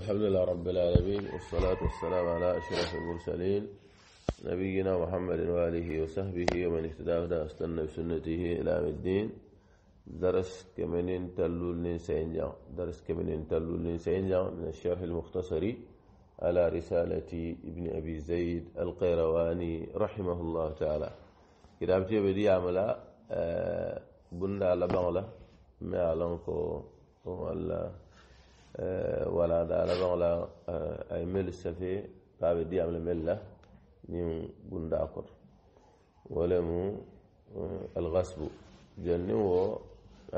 الحمد لله رب العالمين والصلاة والسلام على أشرف المرسلين نبينا محمد وآله وصحبه ومن اهتدى هدى استنى بسنته إلى الدين درس كمنين تلول سينجان درس كمنين تلول سينجان من الشرح المختصري على رسالة ابن أبي زيد القيرواني رحمه الله تعالى كتابتي بدي عملا آه، بنا على بغلة ما أعلمكم والله wala dala baŋla ay melu safe baɓe diyam le mel la ñiŋ bunda koto wo lemu algasbu janniŋ wo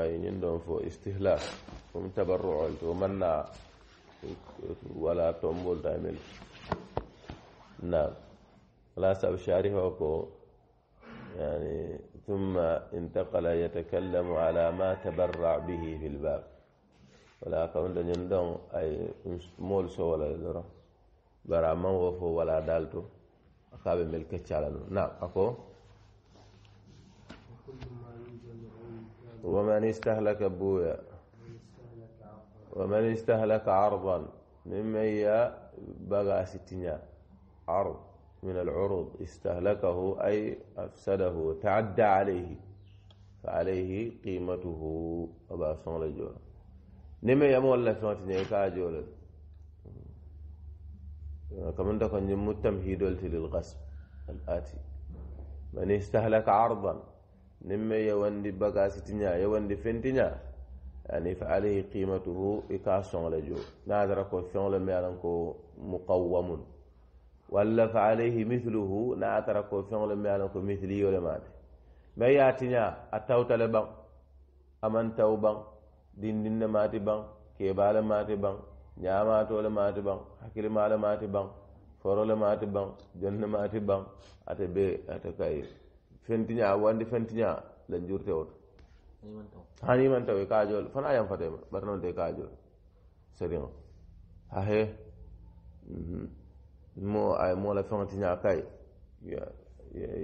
ay ñiŋ ɗon fo istihlak comme tabarruol to manna wala tombol to ay melu naam ala sabu sharifa ko يعني ثم انتقل يتكلم على ما تبرع به في الباب ولا كون ñin don ay moolu so wala doro bara man wo fo ولا دالتو أخاب ملك تشالنو نا أكو ومن استهلك بويا ومن استهلك عرضا مما هي بغى ستنا عرض من العروض استهلكه أي أفسده تعدى عليه فعليه قيمته أبا صلى الله عليه وسلم neme yamol la feŋo ti ñe ka joo le kamanta ko ñiŋ mu tamhidol ti lil gasb al ati man istahlaka ardan niŋ me yewandi bagasi ti ña yewandi fenti ña yani fa alayhi qimatuhu i ka soŋo le joo naŋ tara ko feŋo le me ye ko muqawamun walla fa alayhi mithluhu naŋ a tara ko feŋo le me ye ko mithliyo le maate me ye a tiña a tawta le baŋ a maŋ taw baŋ dindinna maati baŋ keebaala maati baŋ ñaamaatoo la maati baŋ hakkilimaa la maati baŋ foro la maati baŋ jonna maati baŋ ate bee ate kay fentiñaa wandi fentiñaa la njurtewoto hanimantaw e kaajool fana yam fatema bata nonte kaajool sariŋo ahe mhm, mo ay moo la feŋtiñaa kay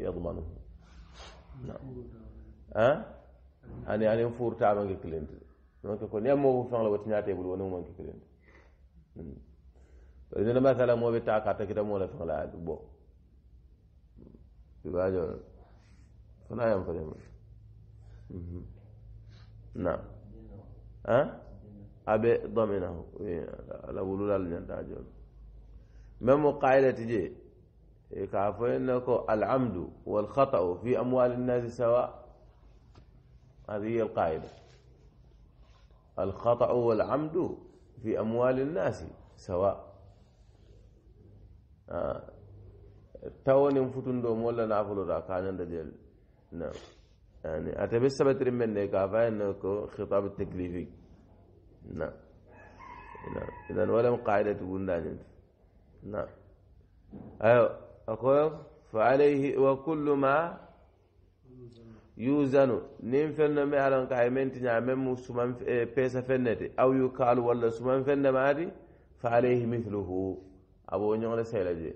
yadmanuhu ani anin fuurtaabange kilintide manke ko niŋ moo faŋo la wo tiñaata i bulu wo niŋ manke kiliŋ bari niŋ baa sala mo be taa ka kita mo la faŋo la a bo ibaajo fana yam fo dema na ha abe dominahu la wululal ñanta joon même qaida ti je ka fo ne ko wal walkhata'u fi amwal an-nas sawa هذه هي القاعده الخطأ والعمد في أموال الناس سواء آه، تاوني فتن دو مولا نافلو دا كان ديال نعم يعني أتبي سبت رمين دي كافا خطاب التكليفي نعم نعم اذا ولم قاعدة تقول دانين نعم. نعم أيوه أقول فعليه وكل ما يوزانو نين فن ما على قائمين تنع من سمن إيه، بيسا فنتي أو يقال ولا سمن فن مادي فعليه مثله أبو نيون سيلجي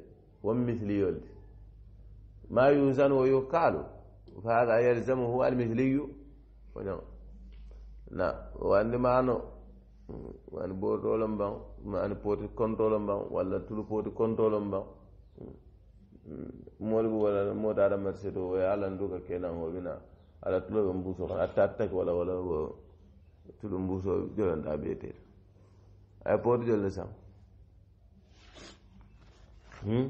ومثل يولد ما يوزن ويقال فهذا يلزمه المثلي ونعم نعم وعندما أنه wani bootolon baŋ ma ani pooti kontolon baŋ walla tulu pooti kontolon baŋ moolu be wala moo taata marisito o ye alandu ka kenaŋ o bina ala tulo ɓe mbuso kono a tattake wala wala tulo mbuso jolanta beeteɗo ay pooti jolle sam hmm?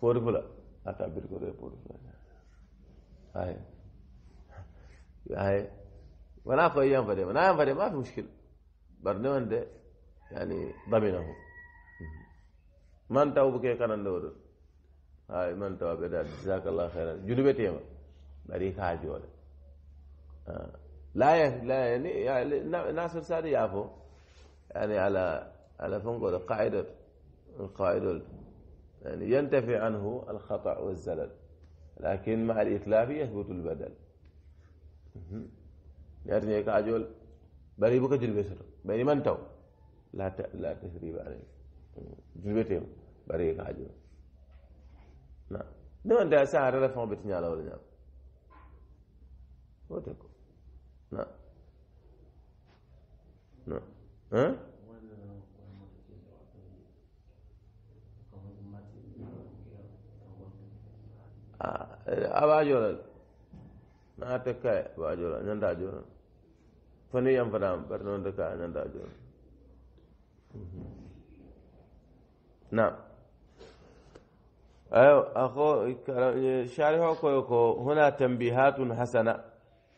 pooti fula a ah, tabir koto e pooti fula Aye, aye, wona koye yan fade wona yan fade ma fi muskil barde wande yani daminahu hmm. man taw buke kanande oɗon ay man taw ɓeɗa jasakallah hairan junuɓe tema بريكا جول آه. لا لا يعني, يعني ناصر ساري يافو يعني على على فنقول القاعدة القاعدة يعني ينتفي عنه الخطأ والزلل لكن مع الإتلاف يثبت البدل يعني يرني كاجول بري بك جلبسر بني من تو لا ت... لا تسريب عليه جلبتهم بري كاجول نعم دون ده سعر رفعوا بتنيا لو نعم وتكون نعم نعم ها آه، أباجولا ما تكا أباجولا نندا جولا فني يوم فدام برضو تكا نندا جولا نعم أيوة أخو شارحه كويكو هنا تنبيهات حسنة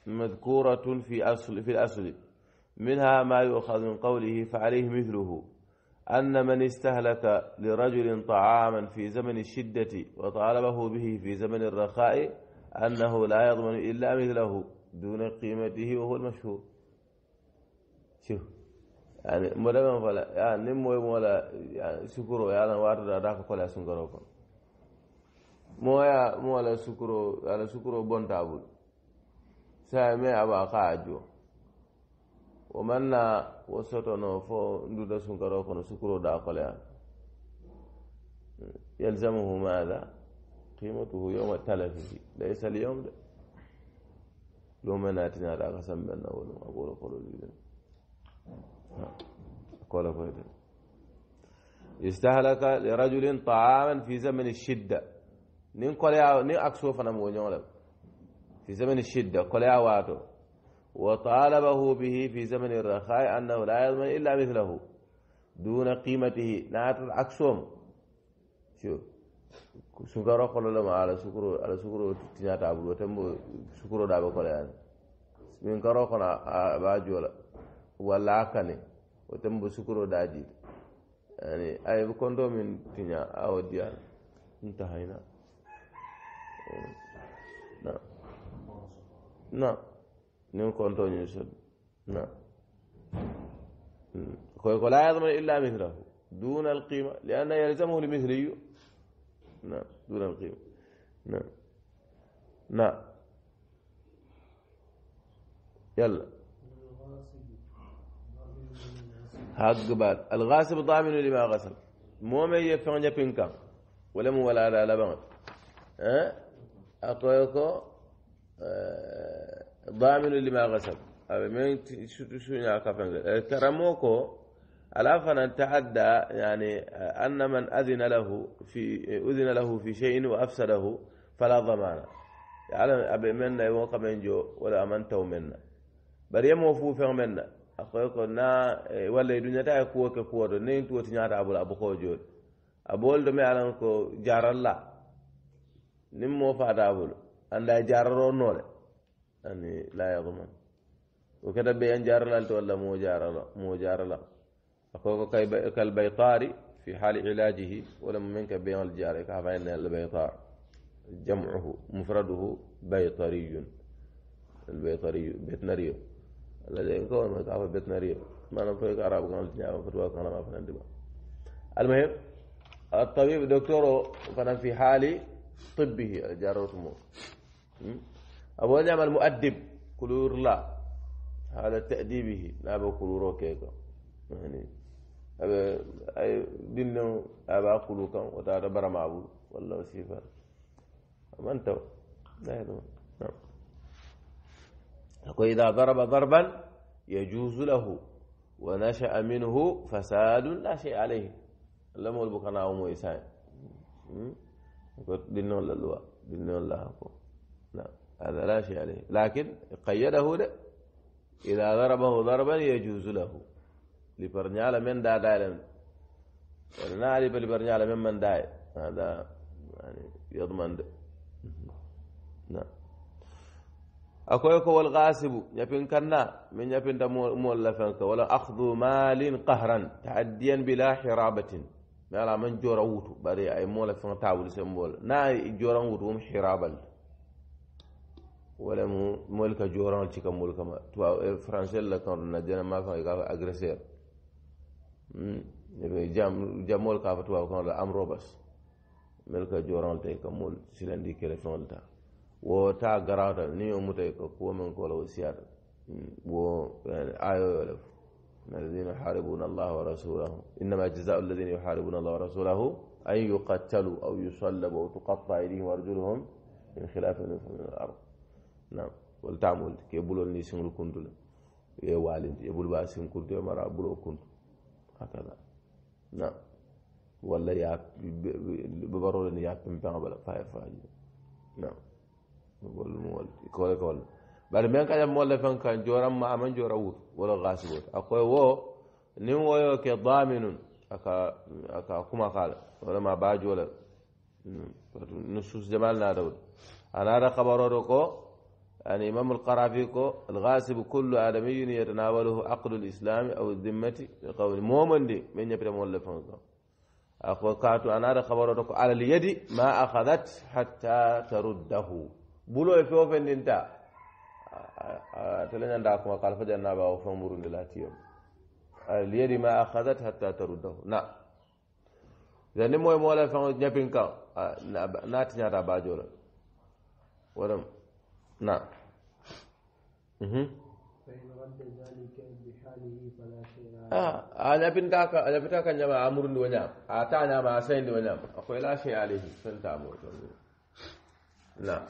مذكورة في أصل في الأصل منها ما يؤخذ من قوله فعليه مثله أن من استهلك لرجل طعاما في زمن الشدة وطالبه به في زمن الرخاء أنه لا يضمن إلا مثله دون قيمته وهو المشهور شوف يعني مدام فلا يعني نمو ولا يعني سكرو يعني وارد راك كلا سنكروكم مولا سكرو على سكرو بون تابول سامع وقاعدو ومن وسطنو فو ندودا سنكرو كنو سكرو داخل يلزمه ماذا قيمته يوم التلف ليس اليوم ده. لو مناتنا على قسم بنا ولو أقول قولوا لي قول فويدا استهلك لرجل طعاما في زمن الشدة نين قول يا نين أكسوف أنا مو في زمن الشدة قل يا وعده وطالبه به في زمن الرخاء أنه لا يضمن إلا مثله دون قيمته نعت العكسهم شو سكر قل لما على سكر على سكر تنات عبد وتم سكر دابا قل يعني من كرو قنا باجولا ولا كني وتم سكر داجي يعني أي بكونتو من تنيا أو ديان انتهينا نعم نعم نعم نعم نعم نعم na لا يضمن إلا مثله دون القيمة لأن يلزمه المثلي نعم دون القيمة نعم نعم يلا حق بعد الغاسب ضامن لما غسل مو ما يفنج بينكم ولا مو ولا لا لا بعد ها أقولكوا ضامن لما غسل من شو كفن كرموكو ألا فنان تعدى يعني أه، أن من أذن له في أذن له في شيء وأفسده فلا ضمان يعني أبي منا يوقع من جو ولا أمنته منا بريم وفو فهم منا أخوي قلنا أه، ولا الدنيا تاعي قوة كقوة نين توت نيار أبو أبو خوجود أبو لدمي على جار الله نمو فاد أبو عند جارر نول ان لا يضمن وكذا بين جار لا ولا مو جار لا مو جار لا كالبيطاري في حال علاجه ولم منك بين الجار فان البيطار جمعه مفرده بيطري البيطري بيتنريو الذي يكون مكافة بيتنريو ما نفهم العرب كان الجناب فتوى كان ما فهم المهم الطبيب دكتوره كان في حال طبه جاره موت أبو نعم المؤدب كلور لا على تأديبه لا كلورو كيكا يعني أبا أي دينو أبا كلوكا وتعالى برا معبود والله وسيفا أما أنت لا يدون نعم إذا ضرب ضربا يجوز له ونشأ منه فساد لا شيء عليه لم يلبك أنا أمو إسان دينو الله دينو الله أقول نعم هذا لا شيء عليه لكن قيده له إذا ضربه ضربا يجوز له لبرنيالا من دا دائما نعرف لبرنيال من من داي هذا يعني يضمن ده. نعم أكويك والغاسب يبين كنا من يبين دا مولفنك ولا أخذ مال قهرا تعديا بلا حرابة ما لا من جور أوتو بري أي مولفن تاول سمبول نا جور أوتو حرابل ولم ملك جوران تشيكا ملك ما تو فرنسا لا كان ندينا ما كان يقال اغريسير جام جام ملك فتوا كان ام روبس ملك جوران تي كمول سيلندي كيل فونتا wo ta garata ni yo muta ko ko men ko law siyata wo ayo yo الذين يحاربون الله ورسوله إنما جزاء الذين يحاربون الله ورسوله أن يقتلوا أو يصلبوا وتقطع أيديهم وأرجلهم من خلاف من الأرض nam wol tamonde ke bulol ni siŋol kuntule ye walinte ye bulu ba siŋ kuntu ye mara bulo kuntu hakada nam walla ya babarole ni ya pempeŋa bala faye faji nam wol mu wol kole ko walla bari men kaƴa molle fen kan joran ma aman jora wut wala gasibot akoye wo nin woyo ke daminun aka aka kuma kala wala ma ba jola nusus jamal na dawd anara khabarodo ko إمام القرافي كو الغاسب كل آدمي يتناوله عقل الإسلام أو الذمة بقول مومن دي من يبدأ مولى فنزا أخو كاتو أنا خبرتك على اليد ما أخذت حتى ترده بلو يفوف انتا تلنا داكما قال فجأنا باو فمرون للاتيوم على اليد ما أخذت حتى ترده نعم إذا نمو مولى فنزا نبين كان آه، نعم، ناتي ناتا باجولا ولم نعم, نعم، alafinta alafita kan ñama amurndi wo ñaam a tañama a sayndi wo ñaam a koye la chey alayhi fentamor ton na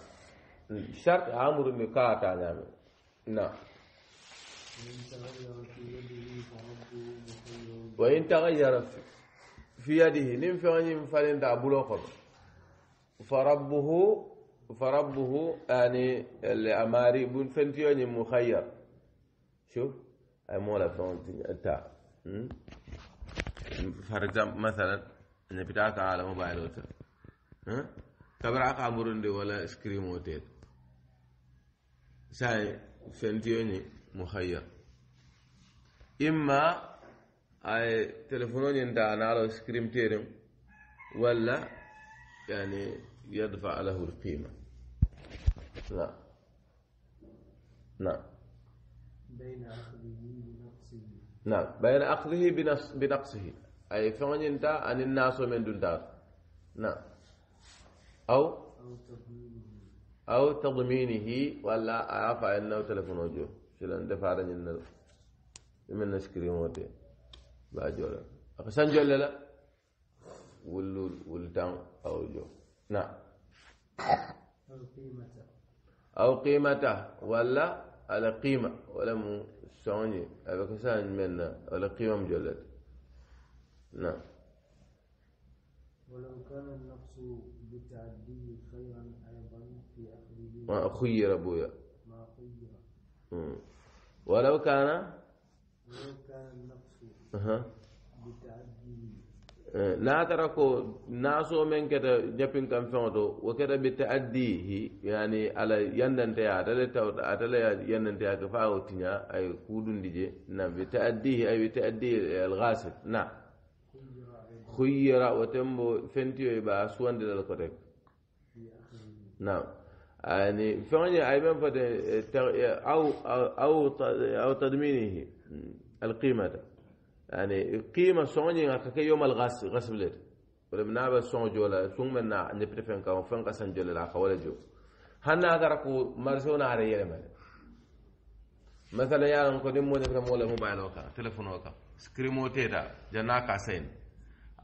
charte amurndi ka a tañame na wa in tagayyara fi yadihi nin feŋoñin falinta a bulo kono fa rabbuhu فربه يعني اللي أماري بن فنتيوني يعني مخير شوف أي مولا تا فرق مثلا نبتاك على موبايل وتر ها كبرعك عمرندي ولا سكريم وتر ساي فنتيوني يعني مخير إما أي تلفونون يعني أنا على سكريم تيرم ولا يعني يدفع له القيمه نعم نعم بين أخذه بنقصه نعم بين أخذه بنص... بنقصه أي فمن أنت أن الناس من دون دار نعم أو أو تضمينه أو تضمينه ولا أعرف أنه تلفون وجوه شلون دفع رجل من نسكري موتي باجولا أقسان جولا لا ولول ولتان أو جو نعم أو قيمته أو قيمته ولا على قيمة ولا مو سوني أبا كسان منا ولا قيمة مجلد نعم ولو كان النقص بتعدي خيرا أيضا في أخره ما خير أبويا ما خير ولو كان ولو كان النقص بتعدي لا تركوا ناسو من كده جبين كم فهمتوا وكده بتأديه يعني على يندن تيا على تاو على يندن تيا كفاو تنيا أي كودن ديجي نعم بتأديه أي بتأدي الغاسل نعم خيرة وتمو فنتيو يبقى سوان دل الكتب نعم يعني فاني أي من أو أو أو تضمينه القيمة ده. يعني قيمة سوني كي يوم الغاس غسب لير ولا بنابا سون جولا سون من نبري فين كان فين قسن جولا لا خولا جو هنا أقرأكو مرسونا على يلمل مثلا يا أنكو دم مودي كم ولا موبايل وكا تلفون وكا سكريمو تيتا جنا كاسين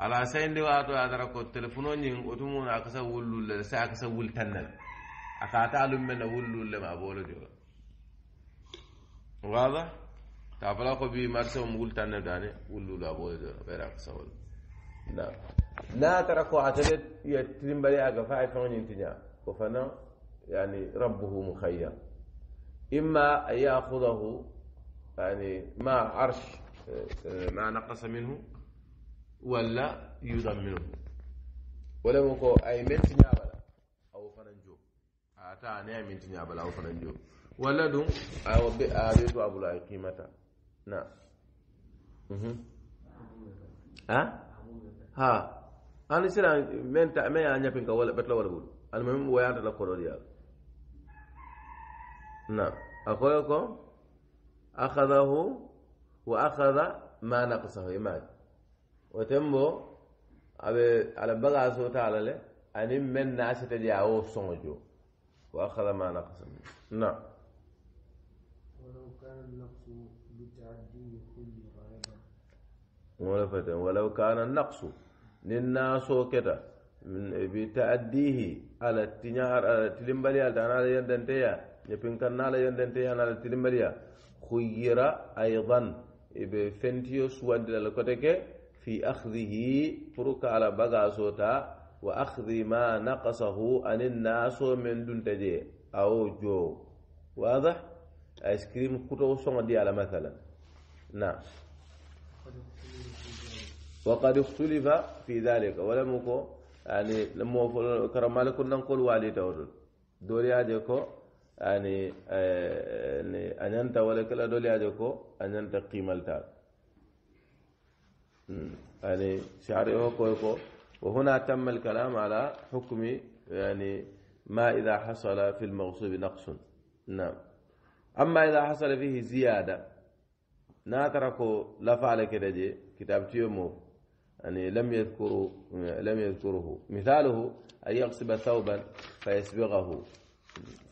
على سين دي واتو أقرأكو تلفون ين وتمون أكسا ولول لسا أكسا ولتنل أكاتا لمن ولول لما بولو جولا واضح ta fala ko bi marse o mugul tanne dane wullula boye do ɓera ko sawol na na tara ko atele ya tirimbali aga fa ay faŋo ñintiña ko fana yani rabbuhu mukhayyar imma an yaakudahu يعني ما عرش ما نقص منه ولا يضمنه ولا مكو اي منت نابلا او فننجو اتا نعم منت نابلا او فننجو ولا دون او بيتو ابو لا قيمتها نعم ها ها أنا سيرا من تا من أنجا يعني بينك ولا بتلا ولا بول المهم ويا أنت لا كوريا نعم أخوكم أخذه وأخذ ما نقصه وتمو أبي على صوت على له أني من ناس وأخذ ما نقصه نعم ولو كان النقص ولفتن ولو كان النقص للناس كتا من بتأديه على التنهار على تلمبليا على دانا يندنتيا يبين كان على يندنتيا على تلمبليا خير أيضا بفنتيوس وندل لكتك في أخذه فرك على بقى وأخذ ما نقصه عن الناس من دون تجي أو جو واضح؟ ايس كريم كتو سون دي على مثلا نعم وقد اختلف في ذلك ولم يكن يعني لما كرم مالك نقول والي دور دوري اديكو يعني ان يعني انت ولك لا دوري اديكو ان انت قيملتا يعني شعري هو وهنا تم الكلام على حكم يعني ما إذا حصل في المغصوب نقص نعم أما إذا حصل فيه زيادة ناتركو لا فعل كده جي كتاب تيومو يعني لم يذكره لم يذكره مثاله أن يغصب ثوبا فيسبغه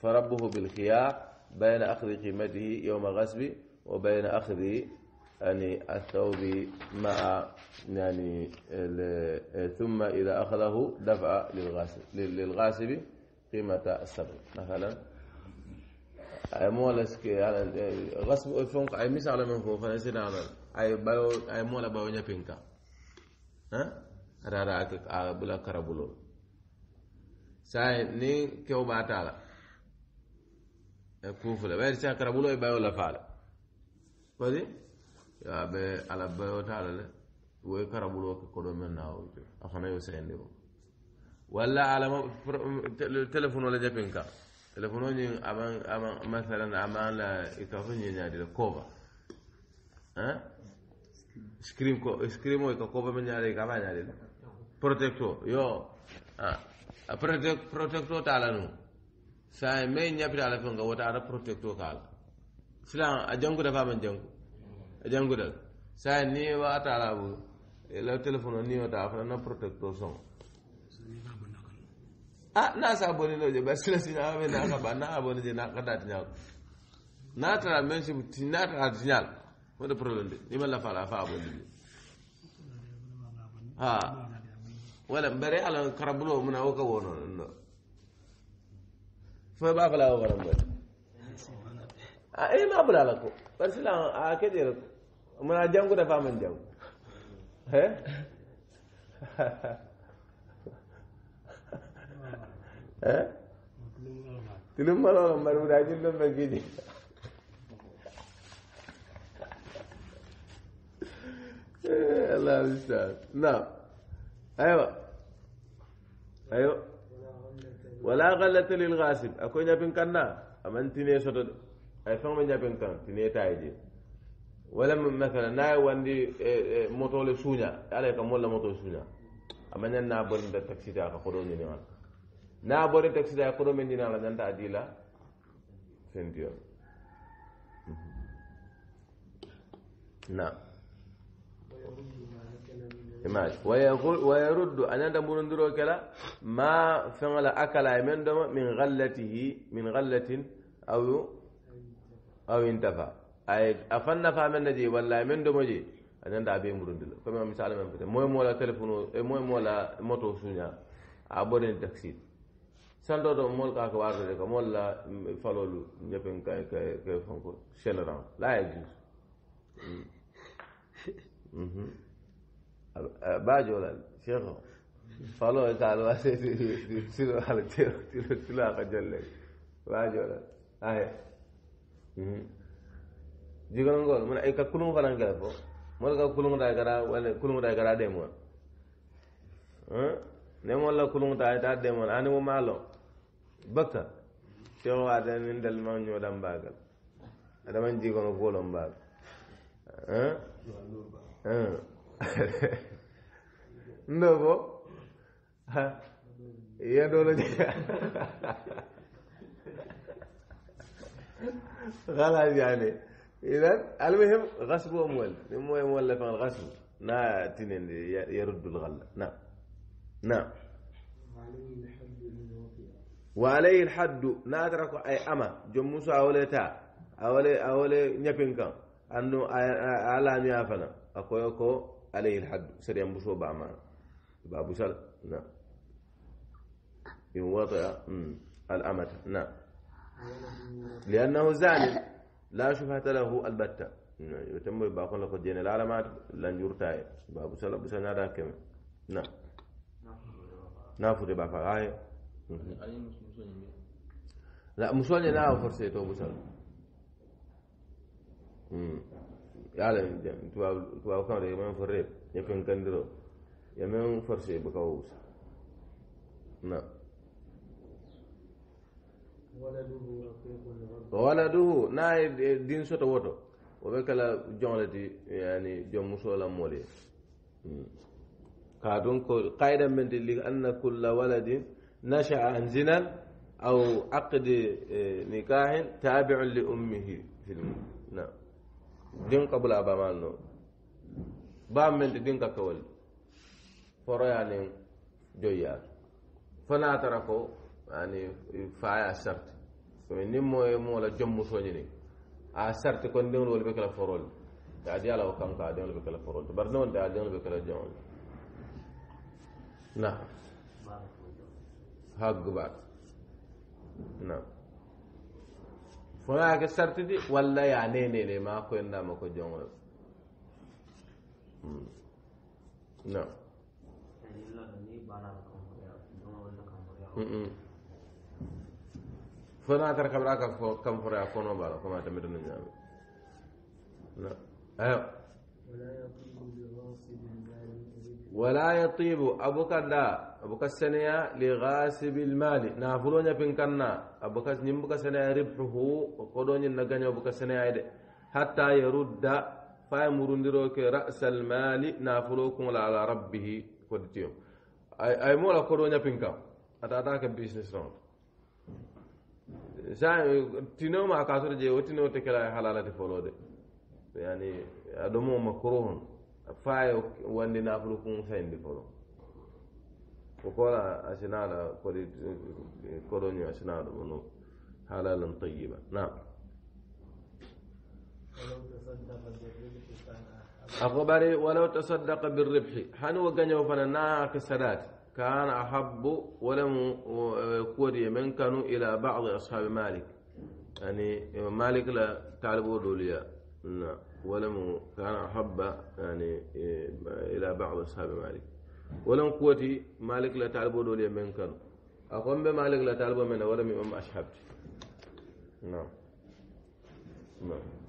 فربه بالخيار بين أخذ قيمته يوم غصب وبين أخذ يعني الثوب مع يعني ثم إذا أخذه دفع للغاسب للغاسب قيمة السبب مثلا ay moola sike ras o fonko ay misala men fo fana sinana ay bayo ay moola bayo ñapinka rara ake a bula karabulol saye ni kew batala kufula ɓayde sa karabulo e bayo lafala kodi yoaɓe ala bayo tala le woy karabulo ke koɗo men nawoj a fana yo sayndiro walla alama téléphone wala japinka telefono ñiŋ aman aman masalan aman la i ka fo ñeñaadi le kooba hein screen ko screen o i ka kooba me ñaade i ka ba ñaade le protecto yo a protect protecto ta la nu saa me ñapita ala feŋ ka wota ata protecto ka la silan a jankuta fa man janku a jankuta la saa ni wa ata la bu la telefono ni wata a fana na protecto soŋ a na sa abonné no je ba sila signal be na ka ba na abonné je na ka da tinyal na tara men si na tara tinyal mo de problème de ni ma la fala fa abonné ha wala mbere ala karabulo mun awo ka wono no fa ba fala wo karam be a e ma bula la ko par sila a ke je ko mun a jangu da fa man jangu he తిరుమలలో మరి రాజుల్లో తగ్గింది الله المستعان نعم ايوه ايوه ولا غلة للغاسب اكو نيابين كنا اما انتني سوتو اي فهم نيابين كان تني تايجي ولا مثلا ناي واندي إيه، إيه، موتو لسونيا عليك مولا موتو سونيا اما ننا بن تاكسي تاكا خدو ني نيوان na bore taxida ya kodo men dina la danta adila sentio mhm. na image ويرد أن أنت مرندرو كلا ما فعل أكل من دم من غلته من غلة أو أو انتفى أي أفن نفع من نجي ولا من دم جي أن أنت أبي مرندلو كما مثال من فتح مهم ولا تلفون مهم ولا موتو سونيا أبورين تكسيد San do do, mol ka ke wadre de ka, mol la falo lou, nyepen ka e fanko, chen ran, la e giz. Mhm. Baj yo lal, chen ran, falo e kal wase, silo al te, silo a ka jel lal, baj yo lal, a e. Jigon mhm. an gòl, mwen e ka kulon kwa nan kerepo, mol ka kulon ta e kara, kulon ta e kara demon. Ne mol la kulon ta e kara demon, ane mwen malon. بكا شو هو هذا من دل ما نيو دم باغل هذا من جي كونو كولم باغ ها نوبو ها يا دولة خلاص يعني اذا المهم غصب اموال مو اموال لفن الغصب نا تنين يرد الغلة نعم نعم وعليه الحد نادرك أي أما جموسا أولي تا أولي أولي نيبينكا انو أنه على ميافنا أكو يكو عليه الحد سريم بشو بأما بابو سال نعم إن وطئ الأمة نعم لأنه زاني لا شبهة له البتة يتم يباقون لك الدين العلامات لن يرتاي بابو سال أبو سل نعم نعم نافذ بابا غاية يعني يعني. لا لا موسولي نرى فرصة أبو سلمة يعلم تبا تبا كان يمن فريب يكون كندرو يمن يعني فرصة بكوس نعم ولده نا دين سوتو وتو وبكلا جونلتي يعني جون مسولا مولي كادون كو قايدا من دي ان كل ولد نشا زنا او عقد آه، نكاح تابع لامه في الم... نعم دين قبل ابا مالنو بام من دين كول فريانين جويا فنا تركو يعني فايا سرت فمن يعني مو مولا جم سونيني ا آه، سرت كون دين ولا بكلا فرول دادي على وكم قاعدين بكلا فرول برنون دادي بكلا جون نعم هاك قبات نعم فناك السرتدي ولا يعني لي ما كنا ما كجون نعم فنا ترى كبرا كم فرع كونو بالا كما تمر نجام نعم ايوه ولا يطيب ابوك لا abuka seneya ligasibil mali nafulo ñapin kanna abuka ñimbuka seneya ribhuhu koɗo ñinna gaña abuka seneyay de hatta yarudda faye murundiro ke rasal mali nafulo kuŋola ala rabbihi koditiyo ay mola koɗo ñapin kam atata ke business non tinoo ma kasoto je wo tinoo tekelay halalati folo de yani adomoma korohon faye wandi nafulo kuŋ sayindi folo وكولا أسنالا كولوني أسنالا منو حلالا طيبا نعم أخبري ولو تصدق بالربح حنو وقنيو فننا كسرات كان أحب ولم كوري من كانوا إلى بعض أصحاب مالك يعني مالك لا تعلبوا دوليا نعم. ولم كان أحب يعني إلى بعض أصحاب مالك ولن قوتي مالك لا تعلبو دول يمن كانوا أقوم بمالك لا تعلبو من ولم يوم أشحبت نعم نعم